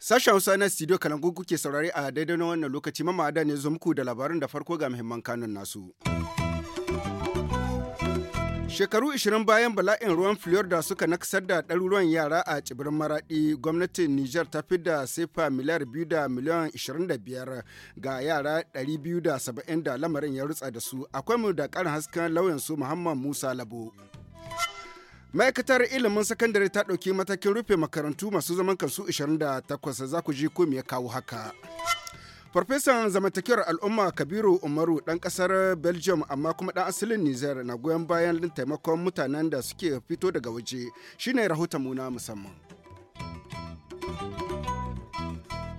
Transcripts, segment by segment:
Sashen Hausa na studio Kalangu kuke saurari a daidai na wannan lokaci mamada ne zo muku da labarin da farko ga muhimman kanun nasu. Shekaru 20 bayan bala'in ruwan Florida suka nakasar da ɗaruruwan yara a tsibirin Maraɗi, gwamnatin Nijar ta fi da sefa miliyar biyu da miliyan 25 ga yara 270 da lamarin ya rutsa da su. Akwai mu da ƙarin hasken lauyan su Muhammad Musa Labo. ma'aikatar ilimin sakandare ta ɗauki matakin rufe makarantu masu zaman kansu 28 za ku ji ko ya kawo haka. Farfesan zamantakewar al'umma Kabiru Umaru ɗan ƙasar Belgium amma kuma ɗan asalin Nijar na goyon bayan taimakon mutanen da suke fito daga waje shine rahoton muna musamman.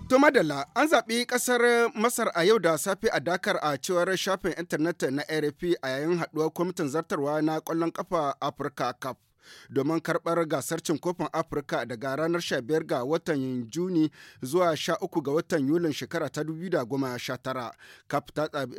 To madalla an zaɓi ƙasar Masar a yau da safe a Dakar a cewar shafin intanet na RFI a yayin haɗuwar kwamitin zartarwa na ƙwallon ƙafa Afirka Cup. domin karɓar gasar cin kofin Afirka daga ranar 15 ga watan Juni zuwa 13 ga watan Yulin shekara ta 2019. kaf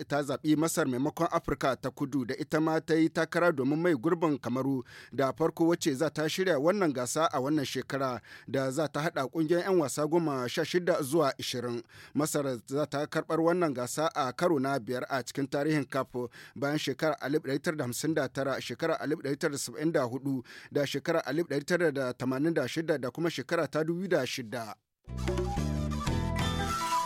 ta zaɓi Masar maimakon Afirka ta kudu da ita ma ta yi takara domin mai gurbin Kamaru da farko wacce za ta shirya wannan gasa a wannan shekara da za ta haɗa ƙungiyar 'yan wasa goma sha shida zuwa 20 Masar za ta karɓar wannan gasa a karo na biyar a cikin tarihin kaf bayan shekara 1959 shekara 1974 da shekara 1986 da kuma shekara ta 2006.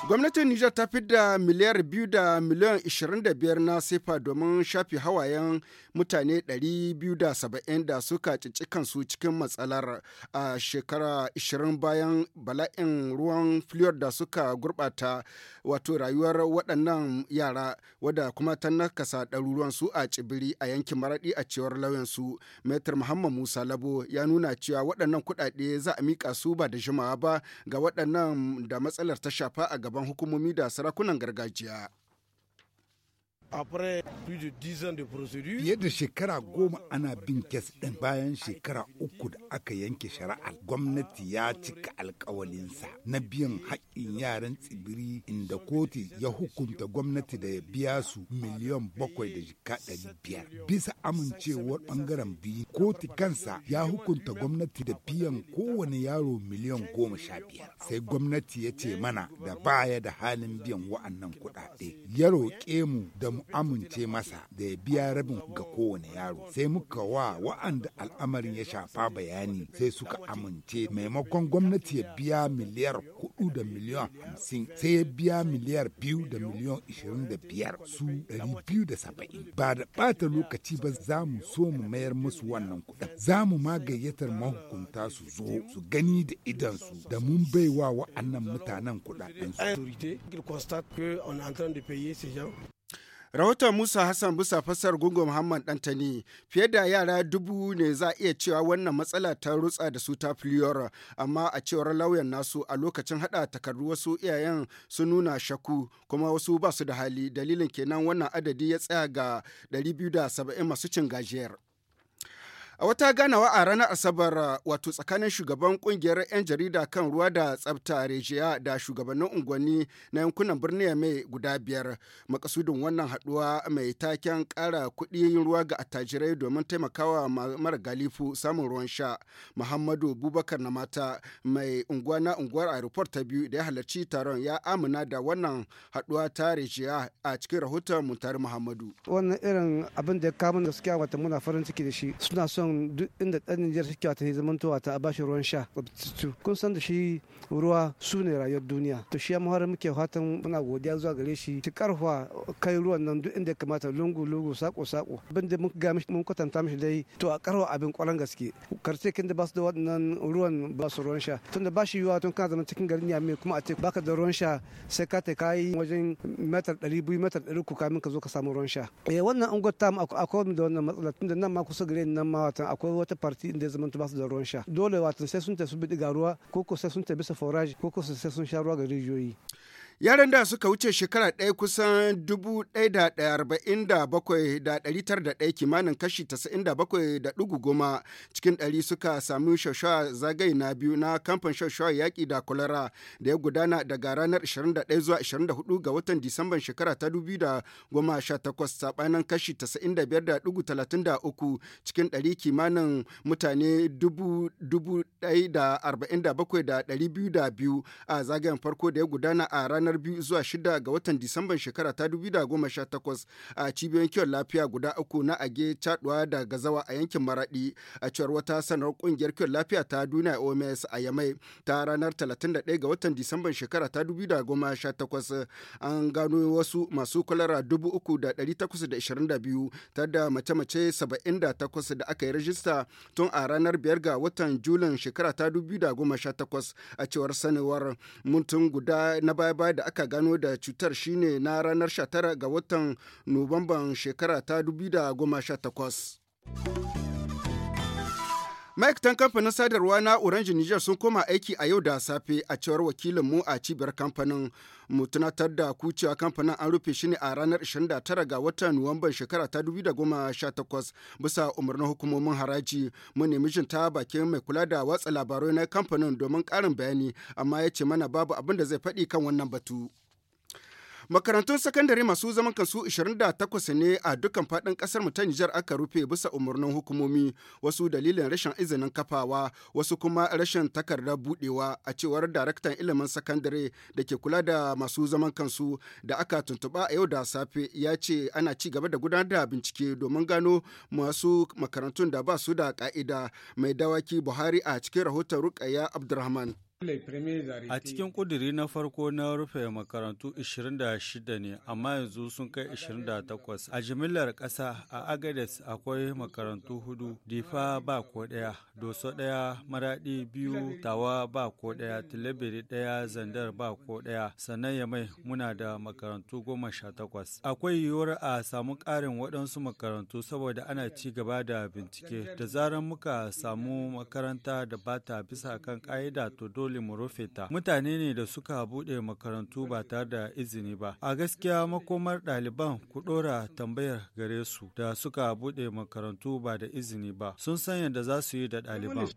Gwamnatin Nijar ta fidda miliyar biyu da miliyan 25 na sefa domin shafi hawayen mutane 270 da suka cici kansu cikin matsalar a shekara 20 bayan bala'in ruwan fliyar da suka gurbata wato rayuwar waɗannan yara wadda kuma ta nakasa ɗaruruwan su a tsibiri a yankin maraɗi a cewar lauyansu. Maitar Muhammad Musa Labo ya nuna cewa waɗannan kuɗaɗe za a miƙa su ba da jimawa ba ga waɗannan da matsalar ta shafa a gaba shugaban hukumomi da sarakunan gargajiya. Fiye da shekara goma ana bin kes ɗin bayan shekara uku da aka yanke shari'ar gwamnati ya cika alkawalinsa na biyan haƙƙin yaran tsibiri inda koti ya hukunta gwamnati da ya biya su miliyan bakwai da jika ɗari biyar bisa amincewar ɓangaren biyu koti kansa ya hukunta gwamnati da biyan kowane yaro miliyan goma sha biyar sai gwamnati ya ce mana da baya da halin biyan wa'annan kuɗaɗe ya roƙe mu da mu amince masa da ya biya rabin ga kowane yaro sai muka wa wa'anda al'amarin ya shafa bayani sai suka amince maimakon gwamnati ya biya miliyar kuɗu da miliyan hamsin sai ya biya miliyar biyu da miliyan ishirin da biyar su ɗari biyu da saba'in ba da bata lokaci ba za mu so mu mayar musu wani. zamu kuɗin za mu ma mahukunta su zo su gani da idansu da mun baiwa wa'annan mutanen kuɗaɗen Rahoton Musa Hassan bisa fasar Gungu Muhammad Dantani fiye da yara dubu ne za a iya cewa wannan matsala ta rutsa da su ta fliyora amma a cewar lauyan nasu a lokacin hada takardu wasu iyayen su nuna shaku kuma wasu ba su da hali dalilin kenan wannan adadi ya tsaya ga 270 masu cin gajiyar. A wata ganawa a ranar Asabar wato tsakanin shugaban kungiyar 'yan jarida kan ruwa da tsabta Rejiya da shugabannin unguwanni na yankunan birnin mai guda biyar. Makasudin wannan haduwa mai taken kara kuɗi ruwa ga attajirai domin taimakawa mara galifu samun ruwan sha. Muhammadu Bubakar na mata mai unguwa na unguwar aeroport ta biyu da ya halarci taron ya amina da wannan haduwa ta Rejiya a cikin rahoton Muntari Muhammadu. Wannan irin abin da ya kawo gaskiya wata muna farin ciki da shi suna son san duk inda ɗanin Nijar suke wata ta wata a bashi ruwan sha tsabtattu kun san da shi ruwa su ne rayuwar duniya to shi ya muhara muke fatan muna godiya zuwa gare shi ta karfa kai ruwan nan duk inda ya kamata lungu lungu sako sako abin da muka ga mun kwatanta mishi dai to a karwa abin kwaran gaske karshe kin da basu da waɗannan ruwan ba su ruwan sha tunda ba shi yiwuwa tun kana zama cikin garin Niamey kuma a ce baka da ruwan sha sai ka ta kai wajen metar ɗari biyu metar ɗari ku kamin ka zo ka samu ruwan sha eh, wannan an gwata mu akwai da wannan matsala tunda nan ma kusa gare ni nan ma watan akwai wata farti inda zaman ba su da ruwan sha dole watan sai sun tafi bi ruwa ko ko sai sun tafi bisa forage ko ko sai sun sha ruwa ga rijiyoyi Yaran da suka wuce shekara ɗaya kusan 1,047,901 kimanin kashi 97.10 cikin ɗari suka sami shashawa zagaye na biyu na kamfan shashawa yaƙi da kwalara da ya gudana daga ranar 21 zuwa 24 ga watan Disamban shekara ta 2018 saɓanin kashi 95.33 cikin ɗari kimanin mutane 1,047,202 a zagayen farko da ya gudana a ranar ranar 2 zuwa 6 ga watan Disamban shekara ta 2018 a cibiyoyin kiwon lafiya guda uku na Age, Chaduwa da Gazawa a yankin Maradi a cewar wata sanar kungiyar kiwon lafiya ta duniya OMS a Yamai ta ranar 31 ga watan Disamban shekara ta 2018 an gano wasu masu kwalara 3,822 tare da mace-mace 78 da aka yi rajista tun a ranar 5 ga watan Julin shekara ta 2018 a cewar sanewar mutum guda na baya da aka gano da cutar shine na ranar 19 ga watan Nuwamban shekara ta 2018. ma'aikatan kamfanin sadarwa na orange niger sun koma aiki a yau da safe a cewar wakilin mu a cibiyar kamfanin mu tunatar da ku cewa kamfanin an rufe shi ne a ranar 29 ga watan nuwamban shekara ta 2018 bisa umarnin hukumomin haraji mu nemi jin ta bakin mai kula da watsa labarai na kamfanin domin karin bayani amma ya ce mana babu abin da zai faɗi kan wannan batu. Makarantun sakandare masu zaman kansu 28 ne a dukkan faɗin ƙasar mu ta Nijar aka rufe bisa umarnin hukumomi wasu dalilin rashin izinin kafawa wasu kuma rashin takardar budewa a cewar daraktan ilimin sakandare da ke kula da masu zaman kansu da aka tuntuɓa a yau da safe ya ce ana ci gaba da gudanar da bincike domin gano masu makarantun da ba su da ƙa'ida mai dawaki Buhari a cikin rahoton Rukaya Abdulrahman. A cikin ƙudiri na farko na rufe makarantu 26 ne, amma yanzu sun kai 28. A jimillar ƙasa a Agades akwai makarantu hudu, Difa ba ko ɗaya, Doso ɗaya, Maraɗi biyu, Tawa ba ko ɗaya, Tilibiri ɗaya, Zandar ba ko ɗaya, sannan Yamai muna da makarantu goma sha takwas. Akwai yiwuwar a samu ƙarin waɗansu makarantu saboda ana ci gaba da bincike. Da zarar muka samu makaranta da ba ta bisa kan ƙa'ida to dole mu Mutane ne da suka buɗe makarantu ba tare da izini ba. A gaskiya makomar ɗaliban ku ɗora tambayar gare su da suka buɗe makarantu ba da izini ba. Sun san yadda za su yi da ɗaliban.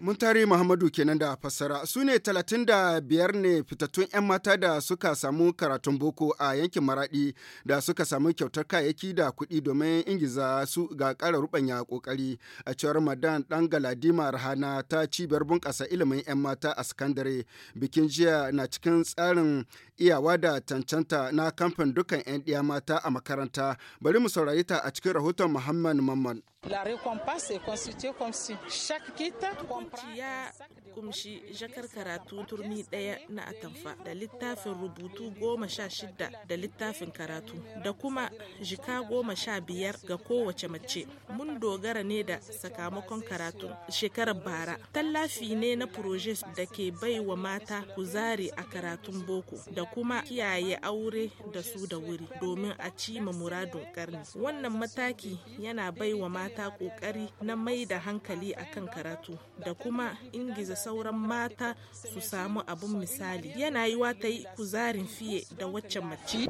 Muntari Muhammadu kenan da fassara su ne talatin da biyar ne fitattun 'yan mata da suka samu karatun boko a yankin Maraɗi da suka samu kyautar kayayyaki da kuɗi domin ingiza su ga ƙara rubanya ƙoƙari a cewar Madan Ɗan Galadima Rahana ta cibiyar bunƙasa bunƙasa ilimin 'yan mata a sakandare bikin jiya na cikin tsarin iyawa da cancanta na kamfan dukkan 'yan ɗiya mata a makaranta bari mu saurari ta a cikin rahoton muhammad mamman La récompense est constituée comme si chaque kit comprend kumshi jakar karatu turmi daya na atamfa da littafin rubutu goma sha shida da littafin karatu da kuma jika goma sha biyar ga kowace mace. Mun dogara ne da sakamakon karatu shekarar bara. Tallafi ne na projes da ke bai wa mata kuzari a karatun boko da kuma kiyaye aure da su da wuri domin a cima muradun karni. Wannan mataki yana bai wa mata mata ƙoƙari na mai da hankali a kan karatu da kuma ingiza sauran mata su samu abun misali yana yiwa ta yi kuzarin fiye da waccan mace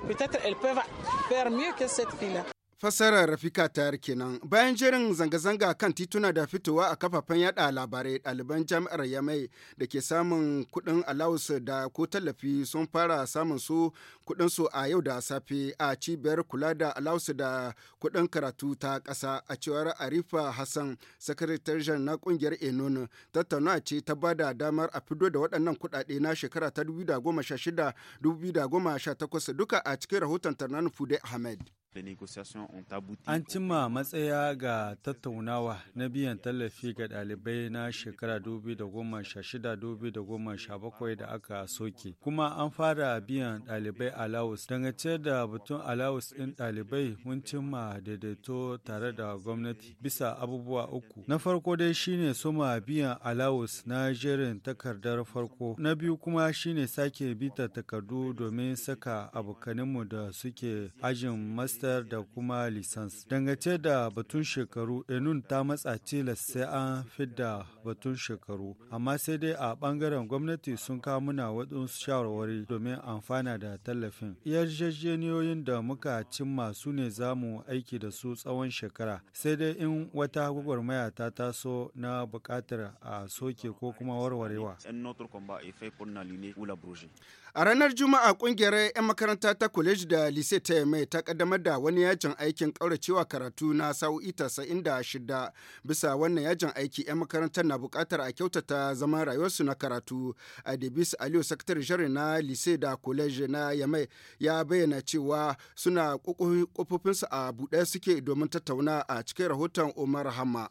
Fassarar Rafika Tayar kenan. Bayan jerin zanga-zanga kan tituna da fitowa a kafafen yada labarai ɗaliban jami'ar Yamai da ke samun kuɗin alawus da ko tallafi sun fara samun su kuɗin su a yau da safe a cibiyar kula da alawus da kuɗin karatu ta ƙasa a cewar Arifa Hassan sakataren na ƙungiyar Enon tattauna ce ta bada damar a fido da waɗannan kuɗaɗe na shekara ta 2016-2018 duka a cikin rahoton Tarnan Fude Ahmed. An cimma matsaya ga tattaunawa na biyan tallafi ga ɗalibai na shekara 2016-2017 da aka soke. Kuma an fara biyan ɗalibai alawus. dangace da batun alawus ɗin ɗalibai mun cimma daidaito tare da gwamnati bisa abubuwa uku. Na farko dai shine soma biyan alawus na jerin takardar farko. Na biyu kuma shine sake bita takardu domin saka abokaninmu da suke ajin mas master da kuma lisans. Dangance da batun shekaru, Enun ta matsa tilas sai an fidda batun shekaru, amma sai dai a bangaren gwamnati sun kawo muna waɗansu shawarwari domin amfana da tallafin. Yarjejeniyoyin da muka cimma su ne zamu aiki da su tsawon shekara, sai dai in wata gwagwarmaya ta taso na buƙatar a soke ko kuma warwarewa. A ranar Juma'a ƙungiyar 'yan makaranta ta college da lise ta mai ta ƙaddamar da da wani yajin aikin ƙauracewa karatu na sa'o'i shida bisa wannan yajin aiki 'yan makarantar na buƙatar a kyautata zaman rayuwarsu na karatu debis aliyu sakatare jari na lise da college na yamai ya bayyana cewa suna ƙofofinsu a buɗe suke domin tattauna a cikin rahoton umar hama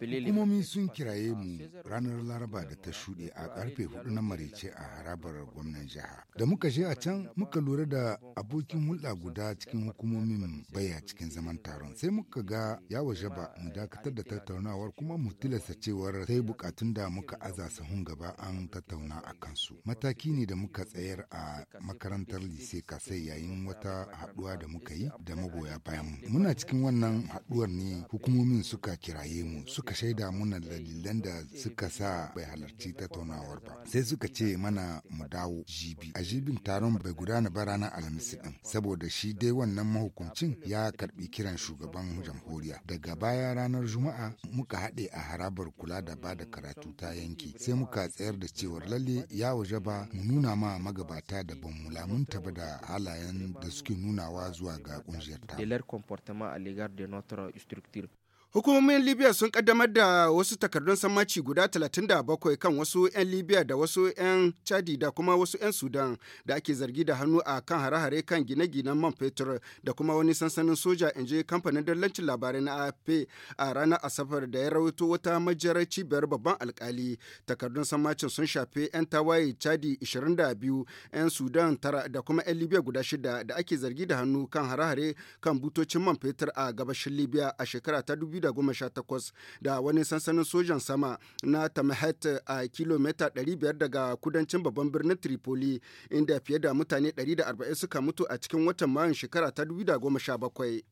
Hukumomi sun kiraye mu ranar Laraba da ta shuɗe a karfe hudu na marice a harabar gwamnan jiha. Da muka je a can muka lura da abokin hulɗa guda cikin hukumomin baya cikin zaman taron. Sai muka ga ya waje ba mu dakatar da tattaunawar kuma mu tilasta cewar sai bukatun da muka aza sahun gaba an tattauna a kansu. Mataki ne da muka tsayar a makarantar lise kasai yayin wata haɗuwa da muka yi da magoya bayan. mu. Muna cikin wannan haɗuwar ne hukumomi hukumomin suka kiraye mu suka shaida muna dalilan da suka sa bai halarci tattaunawar ba sai suka ce mana mu dawo jibi a jibin taron bai gudana ba ranar alhamis din saboda shi dai wannan mahukuncin ya karbi kiran shugaban jamhuriya daga baya ranar juma'a muka haɗe a harabar kula da ba da karatu ta yanki sai muka tsayar da cewar lalle ya waje ba mu nuna ma magabata da ban lamunta ba da halayen da suke nunawa zuwa ga kungiyar ta. Hukumomin Libya sun kaddamar da wasu takardun sammaci guda 37 kan wasu 'yan Libya da wasu 'yan Chadi da kuma wasu 'yan Sudan da ake zargi da hannu a kan hare-hare kan gine-ginen man fetur da kuma wani sansanin soja in je kamfanin dallancin labarai na AFP a ranar Asabar da ya rawaito wata majiyar cibiyar babban alkali. Takardun sammacin sun shafe 'yan tawaye Chadi 22, 'yan Sudan tara da kuma 'yan Libya guda shida da ake zargi da hannu kan hare-hare kan butocin man fetur a gabashin Libya a shekara ta 2018 da wani sansanin sojan sama na Tamahat a kilomita 500 daga kudancin babban birnin Tripoli inda fiye da mutane 140 suka mutu a cikin watan Mayun shekara ta 2017.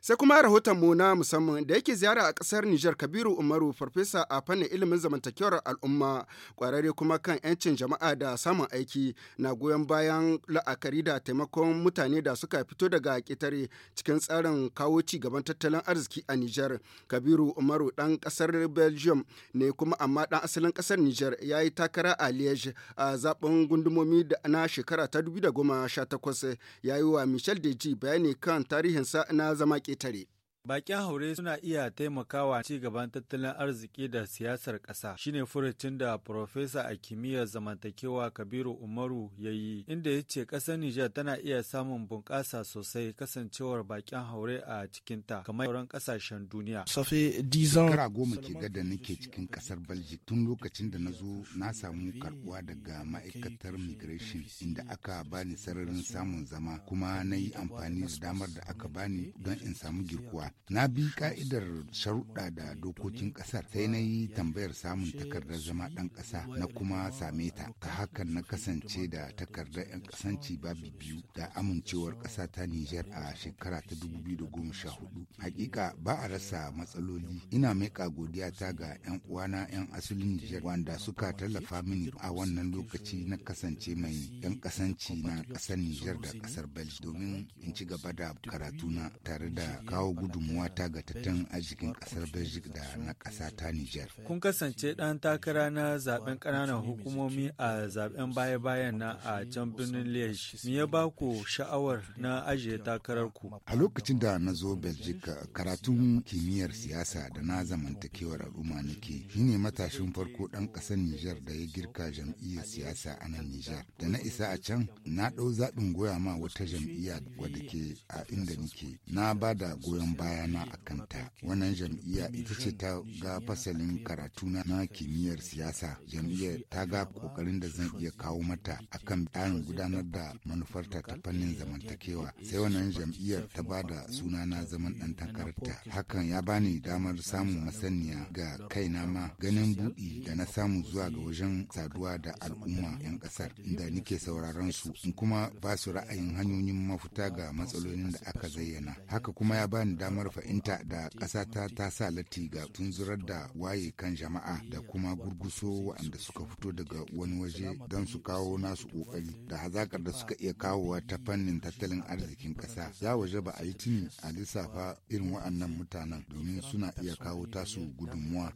Sai kuma rahoton mu na musamman da yake ziyara a ƙasar Nijar Kabiru Umaru farfesa a fannin ilimin zamantakewar al'umma ƙwararre kuma kan 'yancin jama'a da samun aiki na goyon bayan la'akari da taimakon mutane da suka fito daga ƙetare cikin tsarin kawo ci gaban tattalin arziki a Nijar. Kabiru Umaru ɗan kasar Belgium ne kuma amma dan asalin ƙasar Nijar ya yi takara a Liège a zaben gundumomi na shekara ta 2018 ya yi wa Michel Deji bayani kan tarihinsa na zama Italy. Bakin haure suna iya taimakawa ci gaban tattalin arziki da siyasar ƙasa shine furucin da Profesa a kimiyyar zamantakewa Kabiru Umaru ya yi, inda ya ce ƙasar Nijar tana iya samun bunƙasa sosai kasancewar bakin haure a cikinta kamar sauran ƙasashen duniya. Safe dizan. Kara goma ke gada nake cikin ƙasar Belgium tun lokacin da na zo na samu karbuwa daga ma'aikatar migration inda aka bani sararin samun zama kuma na yi amfani da damar da aka bani don in samu girkuwa Na bi ka'idar sharuɗa da dokokin ƙasar sai na yi tambayar samun takardar zama ɗan ƙasa na kuma same ta. Ta hakan na kasance da takardar 'yan ƙasanci babu biyu da amincewar ƙasa ta Nijar a shekara ta 2014. Hakika ba a rasa matsaloli. Ina maiƙa godiya ta ga 'yan uwana 'yan asalin Nijar wanda suka tallafa mini a wannan lokaci na kasance mai 'yan ƙasanci na ƙasar Nijar da ƙasar Belgium domin in ci gaba da karatuna tare da kawo gudun ta ga tattalin arzikin kasar Belgium da na kasa ta Nijar. Kun kasance ɗan takara na zaben ƙananan hukumomi a zaben baya-bayan na a can birnin Liège. Me ya ba ku sha'awar na ajiye takarar ku? A lokacin da na zo Belgium karatun kimiyyar siyasa da na zamantakewar al'umma nake, ni ne matashin farko ɗan ƙasar Nijar da ya girka jam'iyyar siyasa a nan Nijar. Da na isa a can, na ɗau zaɓin goya ma wata jam'iyya wadda ke a inda nake. Na ba da goyon ba. bayana a kanta wannan jam'iyya ita ce ta ga fasalin karatu na kimiyyar siyasa jam'iyyar ta ga kokarin da zan iya kawo mata akan tsarin gudanar da manufarta ta fannin zamantakewa sai wannan jam'iyyar ta ba da suna na zaman dan takararta hakan ya bani damar samun masaniya ga kaina ma ganin buɗi da na samu zuwa ga wajen saduwa da al'umma 'yan ƙasar inda nike sauraron su in kuma ba su ra'ayin hanyoyin mafuta ga matsalolin da aka zayyana haka kuma ya bani damar damar fahimta da ƙasa ta ta sa latti ga tunzurar da waye kan jama'a da kuma gurguso waɗanda suka fito daga wani waje don su kawo nasu ƙoƙari da hazakar da suka iya kawowa ta fannin tattalin arzikin ƙasa za waje ba a yi tuni a lissafa irin waɗannan mutanen domin suna iya kawo tasu gudunmuwa.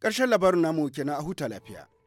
Ƙarshen labarin namu kenan a huta lafiya.